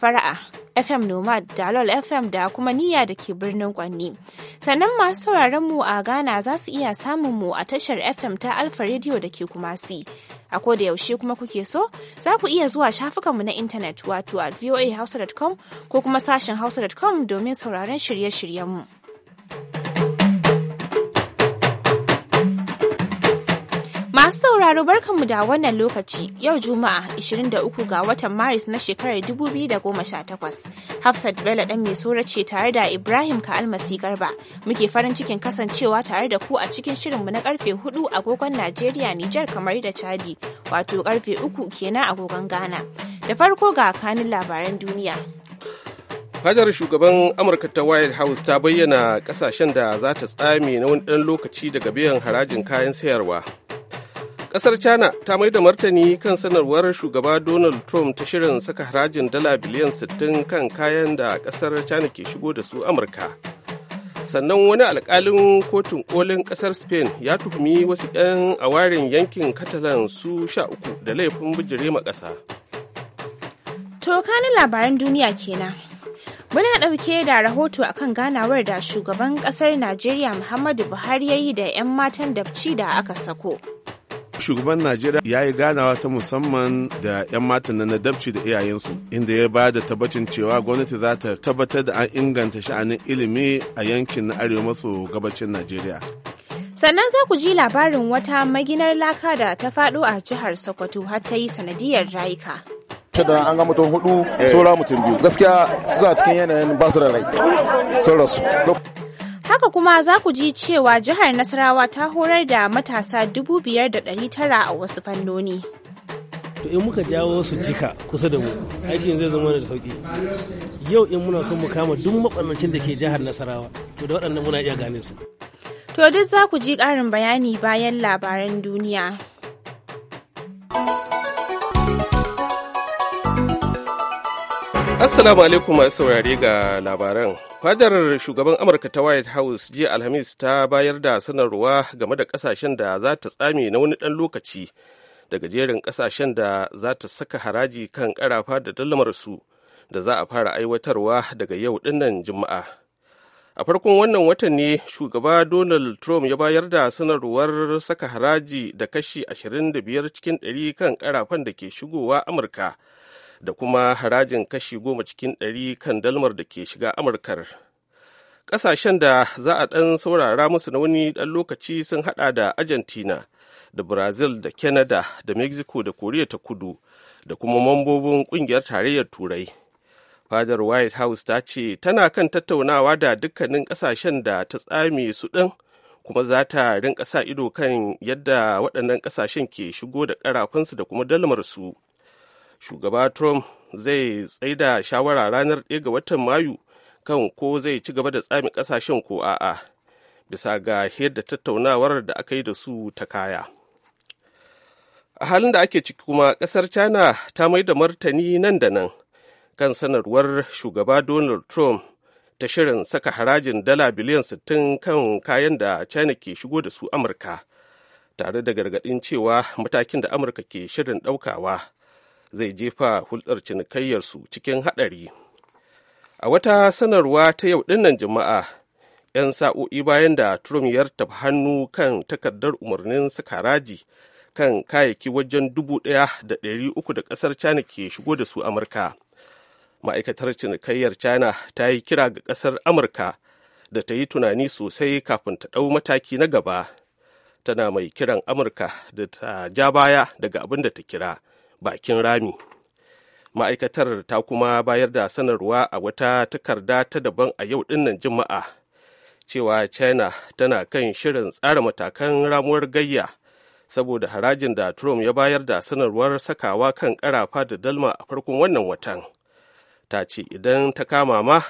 fara'a fm nomad dalol fm da kuma niyya da ke birnin kwanni sannan masu sauraron mu a ghana za su iya samun mu a tashar fm ta alfa radio da ke kumasi a ko da yaushe kuma kuke so za ku iya zuwa shafukanmu na intanet wato a voahausa.com ko kuma sashen hausa.com domin sauraron shirye-shiryenmu. mu Masu sauraro barkanmu da wannan lokaci yau Juma'a 23 ga watan Maris na shekarar 2018. Hafsat Bello ɗan mai sora ce tare da Ibrahim ka'almasi garba. Muke farin cikin kasancewa tare da ku a cikin shirinmu na karfe 4 agogon Najeriya Nijar kamar da Chadi wato karfe 3 kenan agogon Ghana. Da farko ga kanin labaran duniya. Hajar shugaban Amurka ta White House ta bayyana kasashen da za ta tsame na wani ɗan lokaci daga biyan harajin kayan sayarwa. Ƙasar China ta mai da martani kan sanarwar shugaba Donald Trump ta shirin saka harajin dala biliyan 60 kan kayan da ƙasar China ke shigo da su Amurka. Sannan wani alkalin kotun kolin ƙasar Spain ya tuhumi wasu 'yan awarin yankin Catalan su sha uku da laifin bijire ma ƙasa. To kanin labaran duniya kenan. Muna ɗauke da rahoto akan ganawar da shugaban ƙasar Najeriya Muhammadu Buhari ya yi da 'yan matan dabci da aka sako. shugaban najeriya ya yi ganawa ta musamman da 'yan matan na nadabci da iyayensu inda ya ba da tabbacin cewa gwamnati za ta tabbatar da an inganta sha'anin ilimi a yankin na arewa maso gabacin najeriya sannan za ku ji labarin wata maginar laka da ta faɗo a jihar sokoto har ta yi sanadiyar rayuka an ga mutum hudu saura mutum biyu gaskiya suna cikin yanayin basu da rai sun rasu haka kuma za ku ji cewa jihar Nasarawa ta horar da matasa 5,900 a wasu fannoni. To in muka jawo su jika kusa da mu aikin zai zama da sauki. Yau in muna son mu kama duk maɓannancin da ke jihar Nasarawa to da waɗannan muna iya gane su. To duk za ku ji ƙarin bayani bayan labaran duniya. Assalamu alaikum masu saurari ga labaran. Fadar shugaban Amurka ta White House jiya Alhamis ta bayar da sanarwa game da kasashen da za ta tsame na wani ɗan lokaci daga jerin kasashen da za ta saka haraji kan ƙarafa da su da za a fara aiwatarwa daga yau dinnan Juma'a. A farkon wannan watan ne shugaba Donald Trump ya bayar da sanarwar saka haraji da kashi 25 cikin 100 kan ƙarafan da ke shigowa Amurka. da kuma harajin kashi goma cikin ɗari kan dalmar da ke shiga amurkar ƙasashen da za a ɗan saurara musu na wani ɗan lokaci sun haɗa da argentina da brazil da canada da mexico da koriya ta kudu da kuma mambobin ƙungiyar tarayyar turai fadar white house ta ce tana kan tattaunawa da dukkanin ƙasashen da ta tsame su ɗin kuma za ta rinka sa ido kan yadda waɗannan ƙasashen ke shigo da ƙarafinsu da kuma dalmarsu shugaba trump zai tsaida shawara ranar ɗaya ga watan mayu kan ko zai ci gaba da tsamin ƙasashen ko a'a bisa ga yadda tattaunawar da aka yi da su ta kaya a halin da ake ciki kuma ƙasar china ta mai da martani nan da nan kan sanarwar shugaba donald trump ta shirin saka harajin dala biliyan 60 kan kayan da china ke shigo da su amurka tare da gargaɗin cewa matakin da amurka ke shirin ɗaukawa zai jefa hulɗar cinikayyarsu cikin haɗari a wata sanarwa ta yau ɗinnan jama'a 'yan sa'o'i bayan da trump ya tafi hannu kan takardar umarnin Sakaraji kan kayayyaki wajen dubu ɗaya da ɗari uku da ƙasar china ke shigo da su amurka ma'aikatar cinikayyar china ta yi kira ga ƙasar amurka da ta yi tunani sosai kafin ta ɗau mataki na gaba tana mai kiran amurka da ta ja baya daga abin da ta kira bakin rami ma'aikatar ta kuma bayar da sanarwa a wata takarda ta daban a yau dinnan juma'a cewa china tana kan shirin tsara matakan ramuwar gayya saboda harajin da trump ya bayar da sanarwar sakawa kan karafa da dalma a farkon wannan watan ta ce idan ta kama ma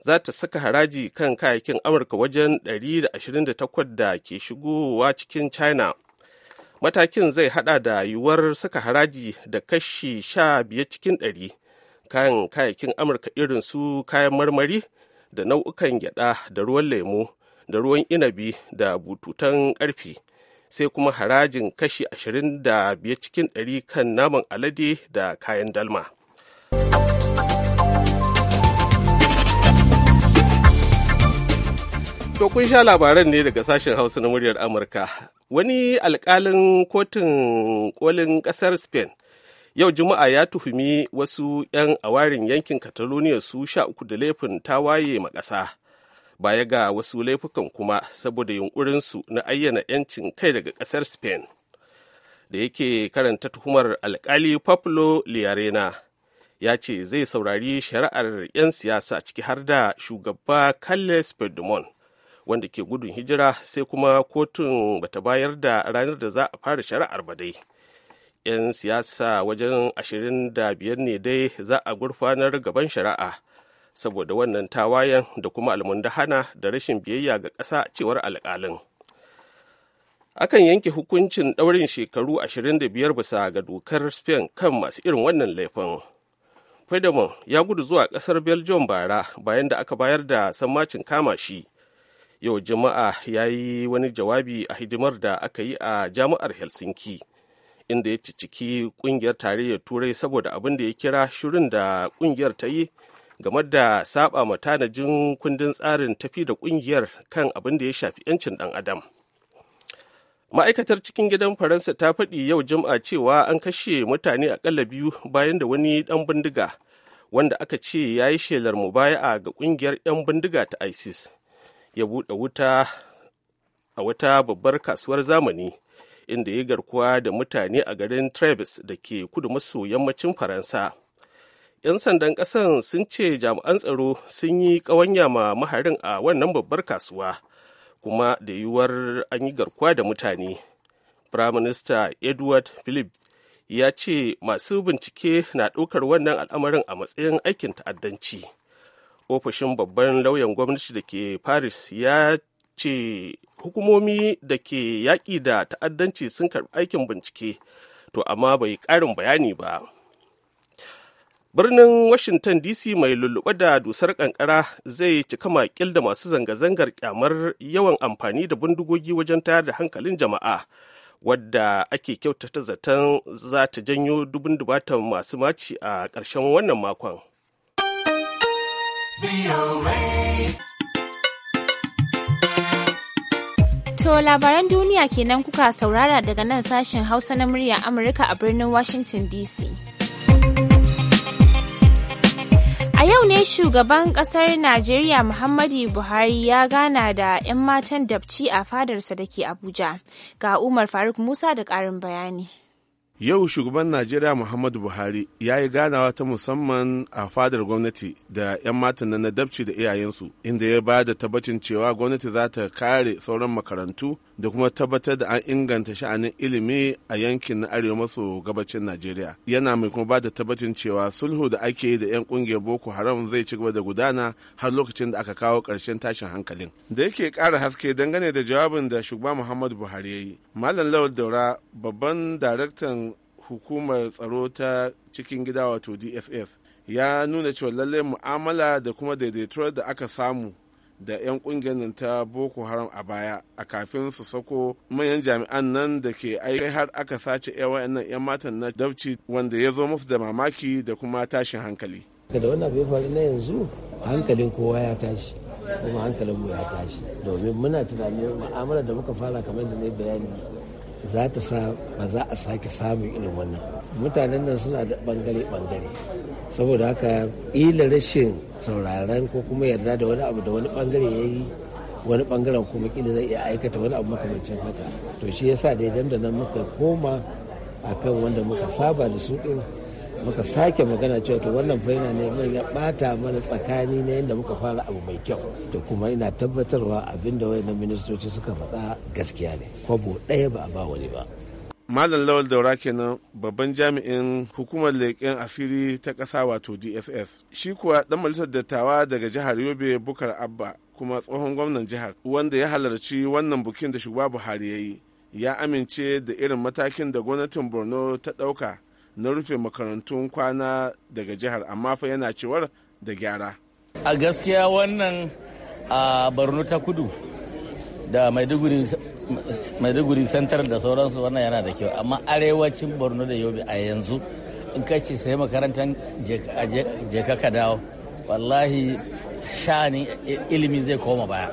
za ta saka haraji kan kayakin amurka wajen 128 da ke shigowa cikin china matakin zai hada da yiwuwar saka haraji da kashi sha biyar cikin ɗari kan kayakin amurka irin su kayan marmari da nau'ukan gyada da ruwan lemu da ruwan inabi da bututan ƙarfe sai kuma harajin kashi ashirin da biyar cikin ɗari kan naman alade da kayan dalma. To kun sha labaran ne daga sashen Hausa na muryar Amurka. Wani alkalin kotun kolin kasar Spain yau Juma'a ya tuhumi wasu 'yan awarin yankin Catalonia su sha uku da laifin tawaye ma ƙasa. Baya ga wasu laifukan kuma saboda yunkurinsu na ayyana 'yancin kai daga kasar Spain. Da yake karanta tuhumar alkali Pablo Liarena. ya ce zai saurari shari'ar 'yan siyasa ciki har da shugaba Carles Puigdemont wanda ke gudun hijira sai kuma kotun bata bayar da ranar da za a fara shari'ar ba dai 'yan siyasa wajen ashirin da biyar ne dai za a gurfanar gaban shari'a saboda wannan tawayen da kuma almundahana da rashin biyayya ga ƙasa cewar alƙalin akan yanke hukuncin ɗaurin shekaru 25 bisa ga dokar spain kan masu irin wannan laifin Fedemon ya gudu zuwa ƙasar belgium bara bayan da aka bayar da sammacin kama shi yau jama'a ya yi wani jawabi a hidimar da aka yi a jami'ar helsinki inda ya ciki kungiyar tarayyar turai saboda abin da ya kira shirin da kungiyar ta yi game da saba ma tanajin kundin tsarin tafi da kungiyar kan abin da ya shafi 'yancin dan adam ma'aikatar cikin gidan faransa ta faɗi yau jama'a cewa an kashe mutane akalla biyu bayan da wani ɗan bindiga wanda aka ce ya yi shelar mubaya'a ga ƙungiyar 'yan bindiga ta isis ya buɗe wuta a wata babbar kasuwar zamani inda ya garkuwa da mutane a garin Treves da ke kudu maso yammacin Faransa. 'Yan sandan ƙasan sun ce jami'an tsaro sun yi ƙawanya ma maharin a wannan babbar kasuwa, kuma da yiwuwar an yi garkuwa da mutane. Firaminista Edward Philip ya ce masu bincike na ɗaukar wannan al'amarin a matsayin aikin ta'addanci. ofishin babban lauyan gwamnati da ke paris ya ce hukumomi da ke yaƙi da ta'addanci sun karɓi aikin bincike to amma bai ƙarin bayani ba birnin washington dc mai lulluɓe da dusar ƙanƙara zai cika makil da masu zanga-zangar kyamar yawan amfani da bindigogi wajen tayar da hankalin jama'a wadda ake kyautata zaton za ta janyo dubun dubatan masu maci a ƙarshen wannan makon To labaran duniya kenan kuka saurara daga nan sashen Hausa na murya Amurka a birnin Washington DC. A yau ne shugaban kasar Najeriya Muhammadu Buhari ya gana da 'yan matan dabci a fadarsa da ke Abuja. Ga Umar Faruk Musa da ƙarin bayani. Yau shugaban Najeriya Muhammadu Buhari ya yi ganawa ta musamman a fadar gwamnati da 'yan matan na dabci da iyayensu, inda ya ba da tabbacin cewa gwamnati za ta kare sauran makarantu da kuma tabbatar da an inganta sha'anin ilimi a yankin na arewa maso gabacin Najeriya. Yana mai kuma ba da tabbacin cewa sulhu da ake yi da 'yan kungiyar Boko Haram zai ci gaba da gudana har lokacin da aka kawo ƙarshen tashin hankalin. Da yake ƙara haske dangane da jawabin da shugaba Muhammadu Buhari ya yi. Malam Lawal Daura babban daraktan hukumar tsaro ta cikin gida wato dss ya nuna cewa lallai mu'amala da kuma daidaituwar da aka samu da 'yan kungiyar ta boko haram a baya a kafin su sako manyan jami'an nan da ke aiki har aka sace yawan nan 'yan matan na dabci wanda ya zo musu da mamaki da kuma tashin hankali da wannan bai faru na yanzu hankalin kowa ya tashi kuma hankalin mu ya tashi domin muna tunanin mu'amala da muka fara kamar da na bayani za ta sa ba za a sake samun irin wannan mutanen nan suna da bangare-bangare saboda haka ila rashin sauraren ko kuma yarda da wani abu da wani bangare ya yi wani bangaren kuma kila zai iya aikata wani abu makamancin haka to shi yasa dai da nan muka koma akan wanda muka saba da su din muka sake magana cewa to wannan fa yana neman ya bata mana tsakani na yadda muka fara abu mai kyau to kuma ina tabbatarwa abinda wayannan ministoci suka faɗa gaskiya ne kwabo ɗaya ba a ba wani ba Malam Lawal Daura kenan babban jami'in hukumar leƙen asiri ta ƙasa wato DSS. Shi kuwa ɗan majalisar dattawa daga jihar Yobe Bukar Abba kuma tsohon gwamnan jihar wanda ya halarci wannan bukin da shugaba Buhari ya yi. Ya amince da irin matakin da gwamnatin Borno ta ɗauka na rufe makarantun kwana daga jihar amma fa yana cewar da gyara a gaskiya wannan a barno ta kudu da maiduguri central da sauransu wannan yana da kyau amma arewacin borno da yobe a yanzu in ka ce sai makarantar jeka dawo wallahi shani ilimi zai koma baya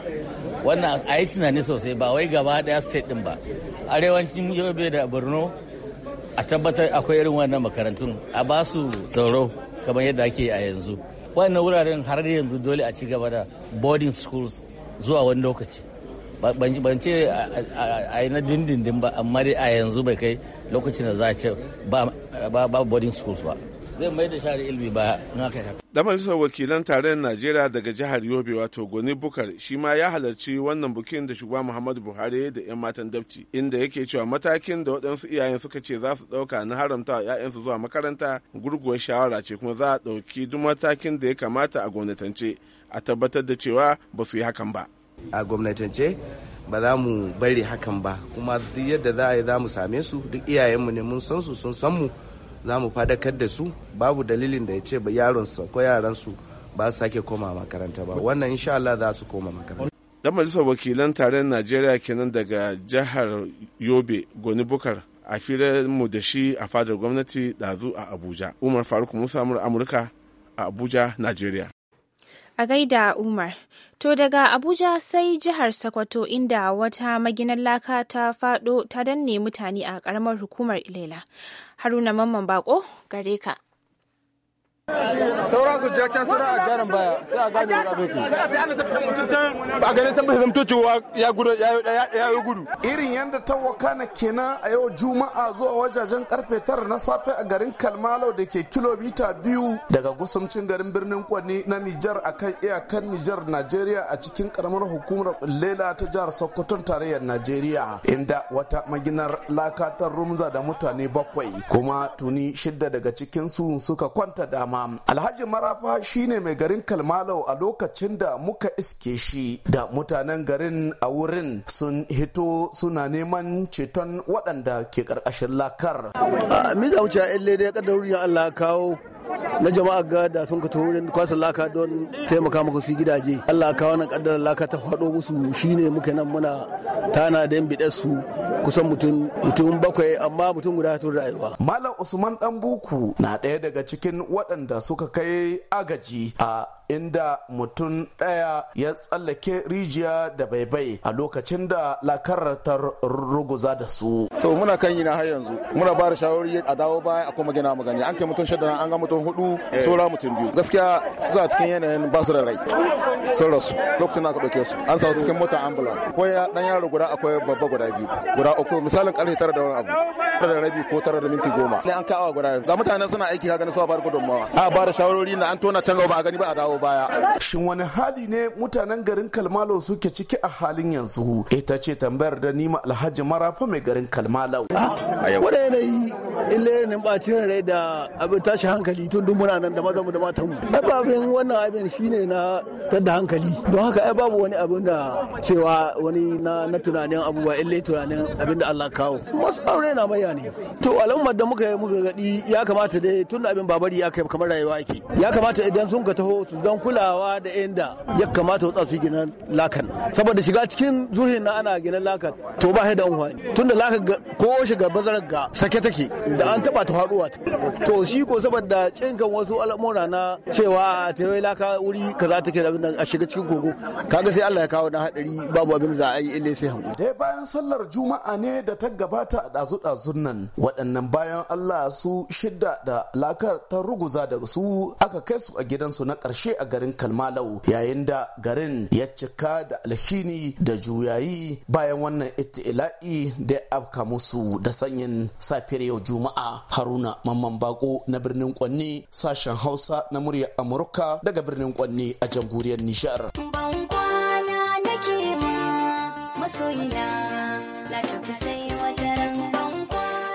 wannan a yi tunani sosai ba wai gaba daya state din ba arewacin yobe da borno a tabbatar akwai irin wannan makarantun a ba su tsaro kamar yadda ake a yanzu wannan wuraren har yanzu dole a ci gaba da boarding schools zuwa wani lokaci ban ce a yi na dindindin ba amma dai a yanzu bai kai lokacin da za a ce ba boarding schools ba zai mai da shari ilmi ba na kai haka. Da majalisar wakilan tarayyar Najeriya daga jihar Yobe wato Goni Bukar shi ma ya halarci wannan bukin da shugaba Muhammadu Buhari da 'yan matan dabci inda yake cewa matakin da waɗansu iyayen suka ce za su ɗauka na haramta ‘ya'yansu zuwa makaranta gurguwar shawara ce kuma za a ɗauki duk matakin da ya kamata a gwamnatance a tabbatar da cewa ba su yi hakan ba. A gwamnatance ba za mu bari hakan ba kuma duk yadda za a yi za mu same su duk iyayenmu ne mun san su sun san mu za mu fadakar da su babu dalilin da ya ce yaronsu ko yaransu ba su sake koma makaranta ba wannan insha Allah za su koma makaranta dan majalisar wakilan tarayyar najeriya kenan daga jihar yobe goni bukar a firar mu da shi a fadar gwamnati dazu a abuja umar faruk musa amurka a abuja najeriya a gaida umar to daga abuja sai jihar sokoto inda wata maginar laka ta fado ta danne mutane a karamar hukumar ilela Haruna Mamman Bako gare ka. saura su a gane irin yadda ta wakana kenan a yau juma'a zuwa wajajen karfe tara na safe a garin Kalmalo da ke kilomita biyu daga gusumcin garin birnin kwani na nijar akan iyakan nijar najeriya a cikin karamar hukumar lela ta jihar sokoton tarayyar najeriya inda wata maginar lakatar rumza da mutane bakwai kuma tuni shidda daga cikin su suka kwanta dama dama alhaji marafa shine mai garin kalmalau a lokacin da muka iske shi da mutanen garin a wurin sun hito suna neman ceton waɗanda ke ƙarƙashin lakar. Min wuce yan lede ya ƙaddarin Allah kawo na jama'a ga da sun ka wurin kwasa laka don taimaka maka su gidaje Allah ka wani kaddara laka ta faɗo musu shine muke nan muna tana da biɗar su kusan mutum bakwai amma mutum guda tun rayuwa Malam Usman Dan Buku na ɗaya daga cikin waɗanda suka kai agaji a inda mutum ɗaya ya tsallake rijiya da baibai a lokacin da lakarar ruguza da su. To muna kan yi na har yanzu muna ba da shawarwari a dawo baya a kuma gina magani an ce mutum na an ga mutum mutum hudu eh. saura mutum biyu gaskiya za cikin yanayin ba su da rai sun rasu lokacin aka ɗauke su an samu cikin mota ambulan akwai dan yaro guda akwai babba guda biyu guda uku misalin karfe tara da wani abu tara da rabi ko tara da minti goma sai an kawo guda ga mutanen suna aiki ka gani su ba da gudunmawa a ba da shawarori na an tona can ba a gani ba a dawo baya shin wani hali ne mutanen garin kalmalo suke ciki a halin yanzu ita ce tambayar da nima alhaji marafa mai garin kalmalo ah, a yau wanda yanayi ilerin ne bacin rai da abin tashi hankali tun dun muna nan da mu da matanmu mu babin wannan abin shine na da hankali don haka ai babu wani abin da cewa wani na na tunanin abubuwa illai tunanin abin da Allah kawo masu aure na maya ne to al'umma da muka yi muka gadi ya kamata dai tun da abin babari ya kai kamar rayuwa ake ya kamata idan sun ka taho su dan kulawa da inda ya kamata su su gina lakan saboda shiga cikin zurhin na ana gina lakan to ba da unhwani tun da lakan ko shiga bazarar ga sake take da an taba ta haduwa to shi ko saboda cinkan wasu al'amura na cewa a tewai laka wuri ka kaza ta da nan a shiga cikin kogo kaga sai Allah ya kawo na hadari babu abin za a yi ille sai hankali dai eh, bayan sallar juma'a ne da ta gabata a dazu dazun nan waɗannan bayan Allah su shidda da lakar ta ruguza daga su aka kai su a gidansu na ƙarshe a garin Kalmalau yayin da garin ya cika da alhini da juyayi bayan wannan itila'i da afka musu da sanyin safiyar yau juma'a Haruna Mamman Bako na birnin Kwanni Kwanni sashen Hausa na muryar Amurka daga birnin Kwanne a jamhuriyar Nijar.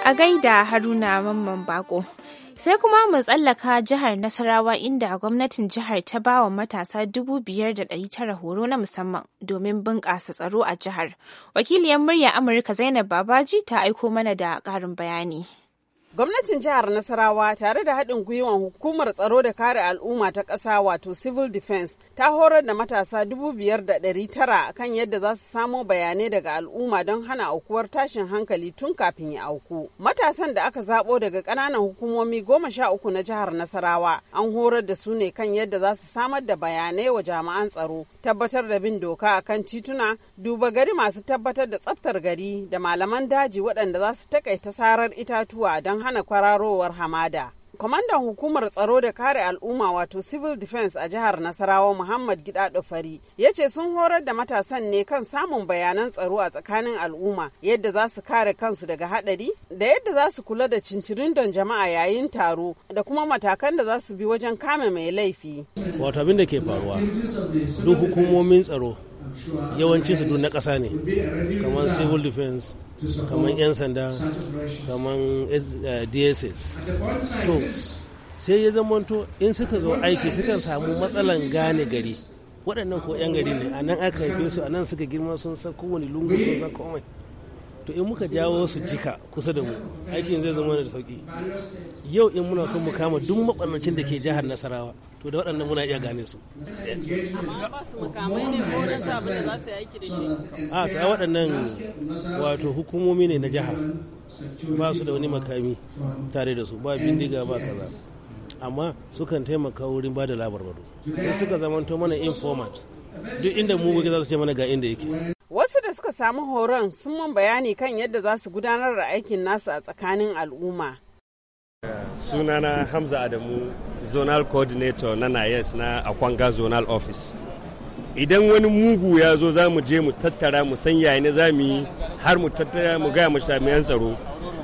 A gaida Haruna Mamman Bako. sai kuma mu tsallaka jihar nasarawa inda gwamnatin jihar ta ba wa matasa tara horo na musamman domin bunƙasa tsaro a jihar wakiliyar murya amurka zainab babaji ta aiko mana da ƙarin bayani Gwamnatin jihar Nasarawa tare da haɗin gwiwan hukumar tsaro da kare al'umma ta ƙasa wato civil defense ta horar da matasa 5,900 kan yadda za su samo bayanai daga al'umma don hana aukuwar tashin hankali tun kafin ya auku. Matasan da aka zaɓo daga ƙananan hukumomi goma sha uku na jihar Nasarawa an horar da su ne kan yadda za su samar da bayanai wa jami'an tsaro, tabbatar da bin doka a kan tituna, duba gari masu tabbatar da tsaftar gari da malaman daji waɗanda za su takaita sarar itatuwa don hana kwararowar hamada. Kwamandan hukumar tsaro da kare al'umma wato civil defense a jihar Nasarawa Muhammad Gida Fari ya ce sun horar da matasan ne kan samun bayanan tsaro a tsakanin al'umma yadda za su kare kansu daga hadari da yadda za su kula da cincirin don jama'a yayin taro da kuma matakan da za su bi wajen kame mai laifi. Wato abin da ke faruwa duk hukumomin tsaro yawancin su na ƙasa ne kamar civil defense kamar 'yan sanda kamar eh, dss to sai ya zamanto in suka zo aiki sukan samu matsalan gane gari waɗannan ko 'yan gari ne a nan aka haife su a nan suka girma sun san kowane lungu sun san komai to in muka jawo su jika kusa da mu aikin zai zama da sauki yau in muna son mu kama duk mabarnacin da ke jihar nasarawa to da waɗannan muna iya gane su amma ba makamai ne za su yi aiki da shi a ta waɗannan wato hukumomi ne na jiha ba su da wani makami tare da su ba bindiga ba kaza amma sukan taimaka wurin ba da labarbaru sai suka zamanto mana informat duk inda mu za su ce mana ga inda yake wasu samu horon sun mun bayani kan yadda za su gudanar da aikin nasu a tsakanin al'umma. Sunana Hamza Adamu, Zonal Coordinator na NAYES na Akwanga Zonal Office. Idan wani mugu ya zo za mu je mu tattara mu san yaya za mu yi har mu tattara mu gaya jami'an tsaro.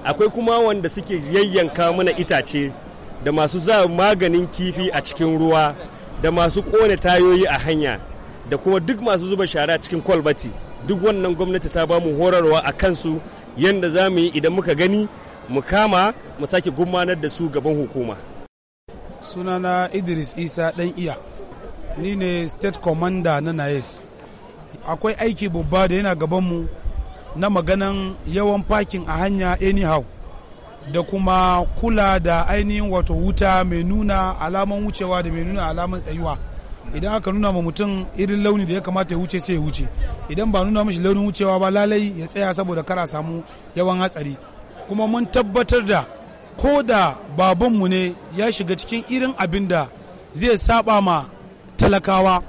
Akwai kuma wanda suke yayyanka mana itace da masu za maganin kifi a cikin ruwa da masu kone tayoyi a hanya da kuma duk masu zuba shara cikin kwalbati. duk wannan gwamnati ta ba mu horarwa a kansu yadda za mu yi idan muka gani mu kama mu sake gumanar da su gaban hukuma sunana idris isa dan iya ni ne state commander na nayes akwai aiki babba da yana gaban mu na maganan yawan fakin a hanya anyhow da kuma kula da ainihin wato wuta mai nuna alaman wucewa da mai nuna alaman tsayuwa idan aka nuna ma mutum irin launi da ya kamata ya wuce sai ya wuce idan ba nuna mashi launin wucewa ba lalai ya tsaya saboda kara samu yawan hatsari kuma mun tabbatar da ko da babanmu ne ya shiga cikin irin abin da zai saba ma talakawa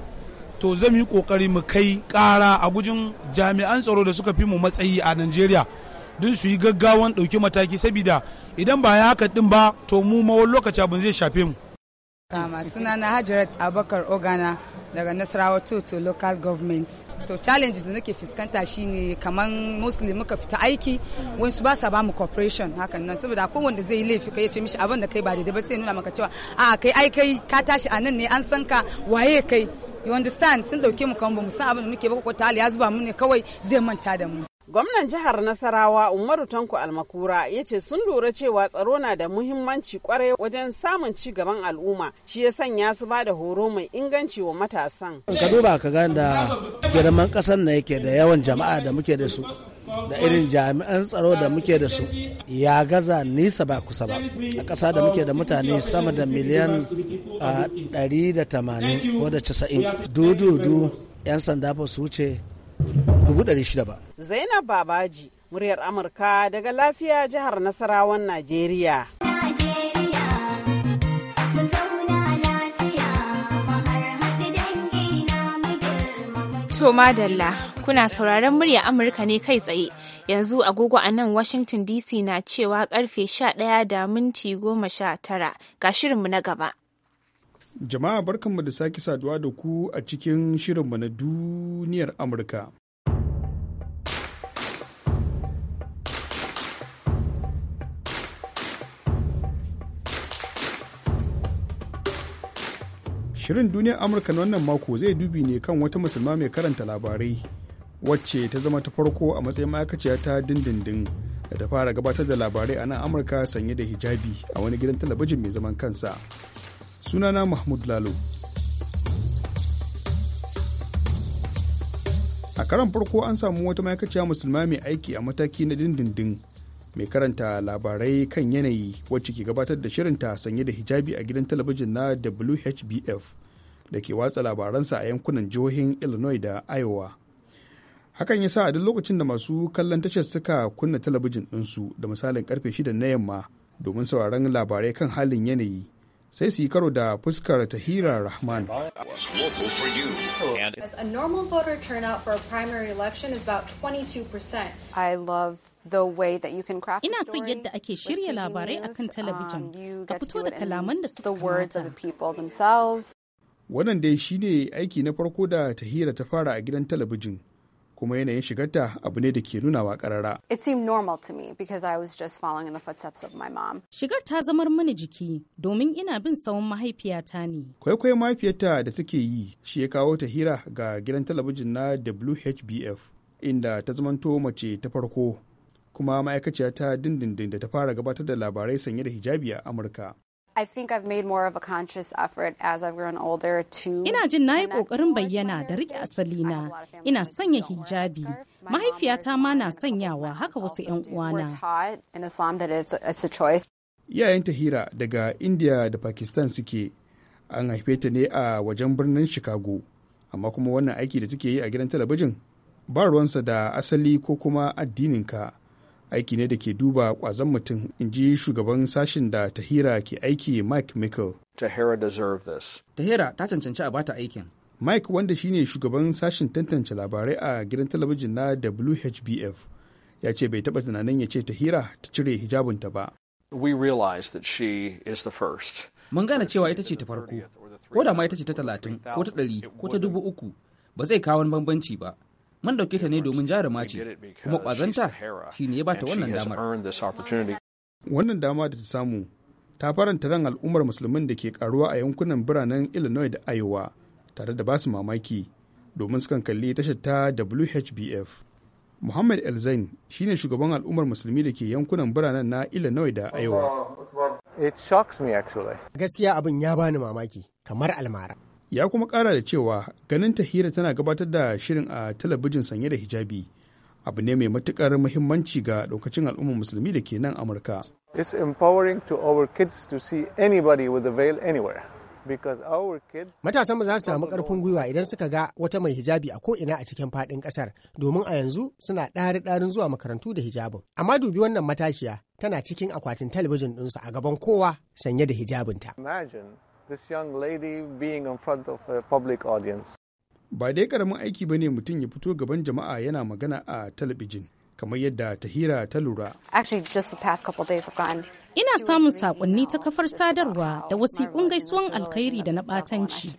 to zan yi kokari mu kai kara a gujin jami'an tsaro da suka fi mu matsayi a najeriya don su yi gaggawan ɗauki mataki saboda idan ba ya haka ɗin ba to mu ma wani lokaci abin zai shafe mu Kama suna na Hajarat Abakar Ogana daga Nasarawa to local government. To challenges da nake fuskanta shine kamar mostly muka fita aiki wasu ba sa ba mu cooperation hakan nan saboda akwai wanda zai laifi kai ya ce mishi abin da kai ba da ba sai nuna maka cewa a kai ai kai ka tashi anan ne an san ka waye kai you understand sun dauke mu kan bamu san abin da muke ba ko ta ya zuba mu ne kawai zai manta da mu Gwamnan jihar Nasarawa Umaru Tanko Almakura ya ce sun lura cewa tsaro na da muhimmanci kwarai wajen samun ci gaban al'umma shi ya sanya su ba da horo mai inganci wa matasan. Ka duba ka gane da girman ƙasar na yake da yawan jama'a da muke da su da irin jami'an tsaro da muke da su ya gaza nisa ba kusa ba a ƙasa da muke da mutane sama da miliyan 180 ko da 90 dududu 'yan sanda ba su wuce dubu ba. Zainab Babaji, muryar Amurka daga lafiya jihar Nasarawan Najeriya. To madalla kuna sauraron murya Amurka ne kai tsaye yanzu agogo a nan Washington DC na cewa karfe 11 da minti 19 ga shirinmu na gaba. Jama'a barkanmu da sake saduwa da ku a cikin shirinmu na duniyar Amurka. Shirin duniyar Amurka na wannan mako zai dubi ne kan wata musulma mai karanta labarai wacce ta zama ta farko a matsayin ma'aikaciya ta dindindin da ta fara gabatar da labarai a nan Amurka sanye da hijabi a wani gidan talabijin mai zaman kansa. sunana mahmud lalo a karan farko an samu wata ma'aikaciya musulma mai aiki a mataki na dindindin mai karanta labarai kan yanayi wacce ke gabatar da shirinta sanye da hijabi a gidan talabijin na whbf da ke watsa labaransa a yankunan jihohin illinois da iowa hakan ya sa a duk lokacin da masu kallon tashar suka kunna talabijin ɗinsu da misalin karfe 6 na yamma domin sauraron labarai kan halin yanayi sai su yi karo da fuskar tahira rahman ina son yadda ake shirya labarai akan talabijin ka um, fito da kalaman da suka kamata wannan dai shine aiki na farko da tahira ta fara a gidan talabijin kuma yanayin shigarta abu ne da ke nunawa karara. It seemed normal to me because I was just following in the footsteps of my mom. Shigar ta zamar mini jiki domin ina bin sawun mahaifiyata ne. Kwaikwayo mahaifiyarta da take yi shi ya kawo ta hira ga gidan talabijin na WHBF inda ta zamanto mace ta farko kuma ma'aikaciya ta dindindin da ta fara gabatar da labarai sanye da hijabi a Amurka. I think I've made more of a conscious effort as I've grown older to Ina jin nayi kokarin bayyana da rike na Ina sanya hijabi. Mahaifiyata ma na sanyawa haka wasu 'yan uwana. 'ya'yan Tahira daga India da Pakistan suke. An haife ta ne a wajen birnin Chicago. Amma kuma wannan aiki da take yi a gidan talabijin ba ruwansa da asali ko kuma addininka. aiki ne da ke duba kwazon mutum in ji shugaban sashen da tahira ke aiki mike mickle tahira deserve this tahira ta cancanci a bata aikin mike wanda shine shugaban sashen tantance labarai a gidan talabijin na whbf ya ce bai taba tunanin ya ce tahira ta cire hijabinta ba we realize that she is the first mun gane cewa ita ce ta farko ko da ma ita ce ta talatin ko ta ɗari ko ta dubu uku ba zai kawo bambanci ba Mun dauke ta ne domin jaruma ce, kuma kwazanta shi ne ya ta wannan damar. Wannan dama da ta samu ta faranta ran al'ummar musulmin da ke karuwa a yankunan biranen Illinois da Iowa tare da basu mamaki domin sukan kalli tashar ta WHBF. Muhammad shi ne shugaban al'ummar musulmi da ke yankunan biranen na Illinois da Iowa. Gaskiya abin ya bani mamaki kamar almara. ya kuma kara da cewa ganin tahira tana gabatar da shirin a talabijin sanye da hijabi abu ne mai matukar muhimmanci ga lokacin al'ummar musulmi da ke nan amurka It's empowering to our kids to see anybody with a veil anywhere. Matasanmu za su samu karfin gwiwa idan suka ga wata mai hijabi a ko'ina a cikin faɗin ƙasar, domin a yanzu suna ɗari ɗarin zuwa makarantu da hijabin. Amma dubi wannan matashiya tana cikin akwatin talabijin ɗinsu a gaban kowa sanye da hijabinta. ta. this young lady being in front of a public audience. Ba dai karamin aiki ba ne mutum ya fito gaban jama'a yana magana a talabijin, kamar yadda Tahira ta lura. Actually, just the past couple days have gone. Ina samun saƙonni ta kafar sadarwa da wasiƙun gaisuwan alkhairi da na ɓatanci.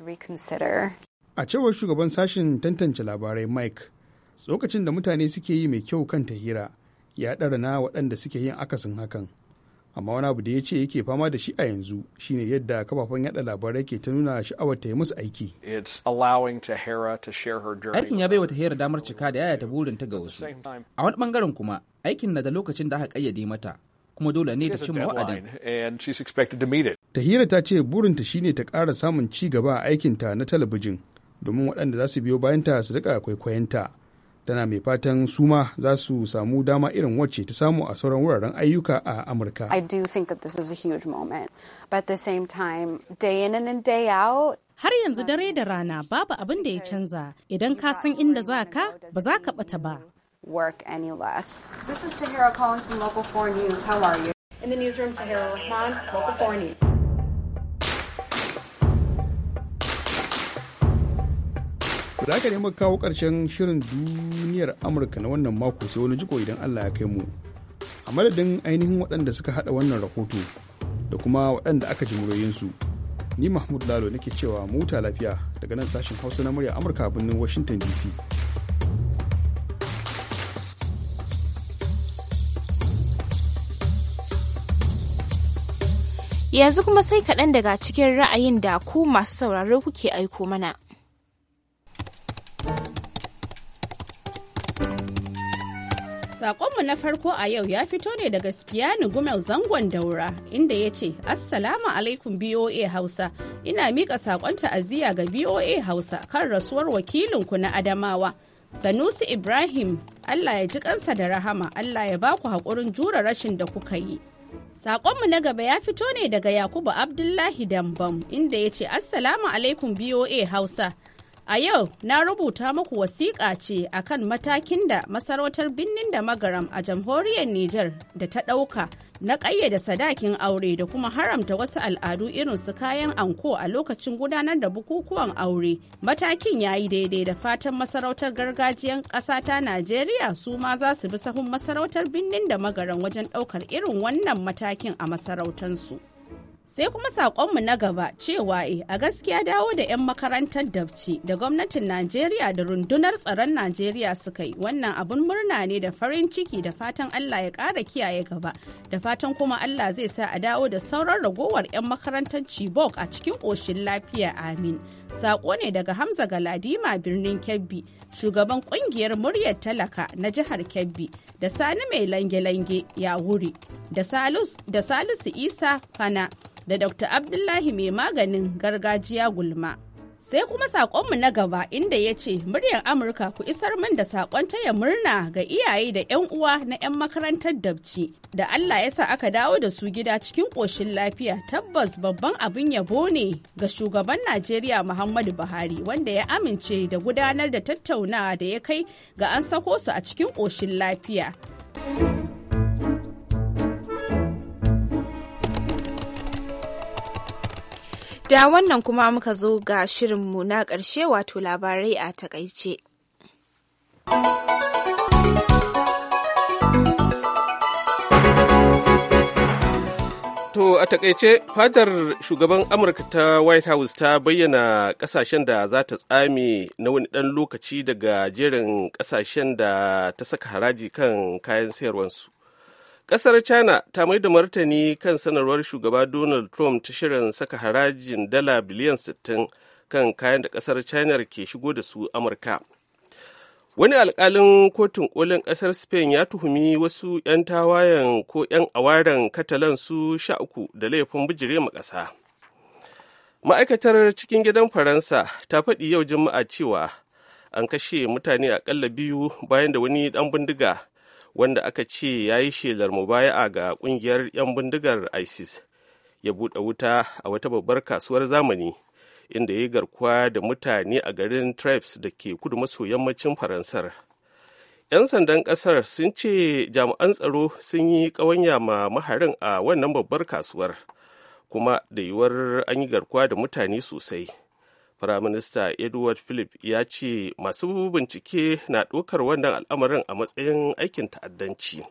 A cewar shugaban sashen tantance labarai Mike, tsokacin da mutane suke yi mai kyau kan Tahira ya ɗara na waɗanda suke yin akasin hakan. amma wani abu da ya ce yake fama da shi a yanzu shine yadda kafafen yada labarai ke ta nuna sha'awar ta yi musu aiki aikin ya bai wa tahira damar cika da yaya yayata burinta ga wasu a wani bangaren kuma aikin na da lokacin da aka kayyade mata kuma dole ne ta cimma wa'adin tahira ta ce burinta shine ta kara samun ci gaba a aikinta na talabijin domin waɗanda za su biyo bayanta su rika kwaikwayonta tana mai fatan su ma za su samu dama irin wacce ta samu a sauran wuraren ayyuka a amurka huge moment same har yanzu dare da rana babu abin da ya canza idan ka san inda za ka ba za ka bata ba this is tahira calling from local 4 news how are you in the newsroom tahira rahman local 4 news da aka nemi kawo ƙarshen shirin duniyar amurka na wannan mako sai wani jiko idan allah ya kai mu a madadin ainihin waɗanda suka haɗa wannan rahoto da kuma waɗanda aka ji su ni mahmud lalo nake cewa muta lafiya daga nan sashen hausa na murya amurka a birnin washington dc yanzu kuma sai kaɗan daga cikin ra'ayin da ku masu sauraro kuke aiko mana. Sakonmu na farko a yau ya fito ne daga Sufiyanu Gumel zangon daura inda ya ce, Assalamu alaikum BOA Hausa, ina miƙa saƙon ta'aziyya ga BOA Hausa kan rasuwar wakilinku na Adamawa. Sanusi Ibrahim, Allah ya ji kansa da rahama, Allah ya ba ku haƙurin jura rashin da kuka yi. Sakonmu na gaba ya fito ne daga Yakubu Abdullahi Dambam inda ya ce, Assalamu alaikum BOA Hausa. A yau na rubuta muku wasiƙa ce akan matakin da masarautar birnin da magaram a jamhuriyar Nijar da ta ɗauka na ƙayyade sadakin aure da kuma haramta wasu al'adu irin su kayan anko a lokacin gudanar da bukukuwan aure. Matakin ya yi daidai da fatan masarautar gargajiyan ƙasa ta Najeriya su ma za su bi sahun masarautar birnin da magaram wajen ɗaukar irin wannan matakin a masarautansu. sai kuma saƙonmu na gaba cewa e a gaskiya dawo da 'yan makarantar dabci da gwamnatin najeriya da rundunar tsaron najeriya suka yi wannan abun murna ne da farin ciki da fatan allah ya ƙara kiyaye gaba da fatan kuma allah zai sa a dawo da sauran ragowar 'yan makarantar chibok a cikin ƙoshin lafiya amin saƙo ne daga hamza galadima birnin kebbi shugaban ƙungiyar muryar talaka na jihar kebbi da sani mai lange-lange ya wuri da salisu isa fana da Dr. Abdullahi mai maganin gargajiya gulma. Sai kuma saƙonmu na gaba inda ya ce muryar Amurka ku isar min da saƙon taya murna ga iyaye da 'yan uwa na 'yan makarantar dabci da Allah ya sa aka dawo da su gida cikin ƙoshin lafiya tabbas babban abin yabo ne ga shugaban Najeriya Muhammadu Buhari wanda ya amince da gudanar da tattaunawa da ya kai ga an sako su a cikin ƙoshin lafiya. Da wannan kuma muka zo ga shirinmu na ƙarshe wato labarai a takaice. To a takaice fadar shugaban Amurka ta White House ta bayyana kasashen da za ta tsami na wani ɗan lokaci daga jerin kasashen da ta saka haraji kan kayan sayarwarsu. Ƙasar China ta mai da martani kan sanarwar shugaba Donald Trump ta shirin saka harajin dala biliyan 60 kan kayan da ƙasar China ke shigo da su Amurka. Wani alƙalin kotun ƙolin ƙasar Spain ya tuhumi wasu 'yan tawayen ko 'yan awaren Katalan su sha uku da laifin bijire ma ƙasa. Ma'aikatar cikin gidan Faransa ta faɗi yau Juma'a cewa an kashe mutane aƙalla biyu bayan da wani ɗan bindiga wanda aka ce ya yi shelar mubaya'a ga kungiyar 'yan bindigar isis ya buɗe wuta a wata babbar kasuwar zamani inda ya yi garkuwa da mutane a garin Tribes da ke kudu maso yammacin Faransar. 'Yan sandan ƙasar sun ce jami'an tsaro sun yi ƙawanya ma maharin a wannan babbar kasuwar, kuma da yiwuwar an yi garkuwa da mutane sosai. Firaminista Edward Philip ya ce masu bincike na ɗaukar wannan al'amarin a matsayin aikin ta'addanci.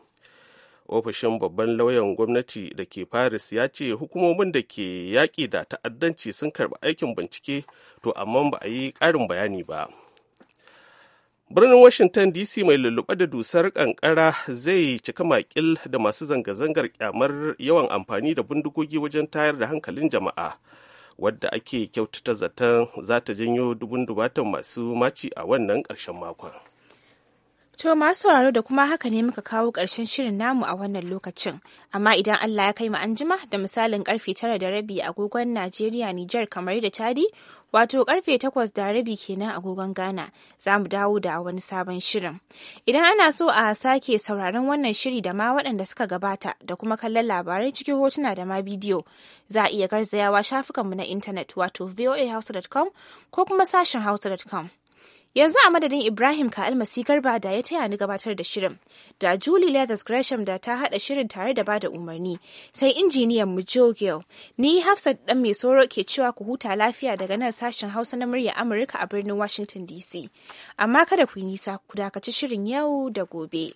Ofishin babban lauyan gwamnati da ke Paris ya ce hukumomin da ke yaƙi da ta'addanci sun karɓi aikin bincike to amma ba a yi ƙarin bayani ba. Birnin Washington DC mai lulluɓe da dusar ƙanƙara zai cika makil da masu zanga-zangar ƙyamar yawan amfani da bindigogi wajen tayar da hankalin jama'a. wadda ake kyautata zaton za ta janyo dubun dubatan masu maci a wannan ƙarshen makon. To masu sauraro da kuma haka ne muka kawo ƙarshen shirin namu a wannan lokacin. Amma idan Allah ya kai mu anjima da misalin karfe tara da rabi agogon Najeriya Nijar kamar da Chadi wato karfe takwas da rabi kenan agogon Ghana za mu dawo da wani sabon shirin. Idan ana so a sake sauraron wannan shiri da ma waɗanda suka gabata da kuma kallon labarai cikin hotuna da ma bidiyo za a iya garzayawa shafukanmu na intanet wato voahouse.com ko kuma sashen hausa.com. Yanzu a madadin Ibrahim ka almasi garba da ya taya ni gabatar da shirin, da Julie Leathers Gresham da ta haɗa shirin tare da bada umarni, sai injiniyan mu Joe Ni Hafsat ɗan mai soro ke cewa ku huta lafiya daga nan sashen Hausa na murya Amurka a birnin Washington DC. Amma kada ku yi nisa ku dakaci shirin yau da gobe.